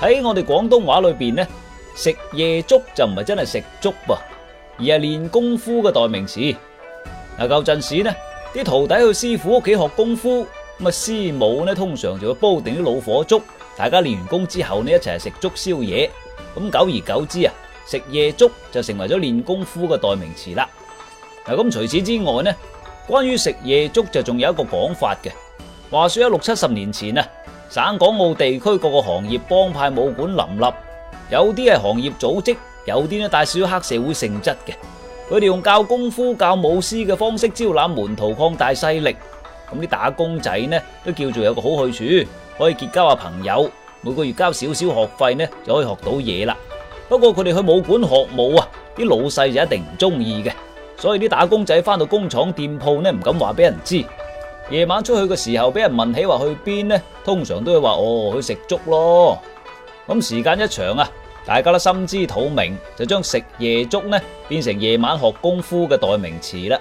喺我哋廣東話裏邊呢，食夜粥就唔係真係食粥噃，而係練功夫嘅代名詞。嗱，舊陣時咧，啲徒弟去師傅屋企學功夫，咁啊，師母呢通常就會煲定啲老火粥，大家練完功之後呢一齊食粥宵夜。咁久而久之啊，食夜粥就成為咗練功夫嘅代名詞啦。嗱，咁除此之外呢，關於食夜粥就仲有一個講法嘅，話說喺六七十年前啊。省港澳地區各個行業幫派武館林立，有啲係行業組織，有啲呢帶少少黑社會性質嘅。佢哋用教功夫、教舞獅嘅方式招攬門徒，擴大勢力。咁啲打工仔呢，都叫做有個好去處，可以結交下朋友。每個月交少少學費呢，就可以學到嘢啦。不過佢哋去武館學武啊，啲老細就一定唔中意嘅，所以啲打工仔翻到工廠、店鋪呢，唔敢話俾人知。夜晚出去嘅時候，俾人問起話去邊呢？通常都會話哦，去食粥咯。咁、嗯、時間一長啊，大家都心知肚明，就將食夜粥呢變成夜晚學功夫嘅代名詞啦。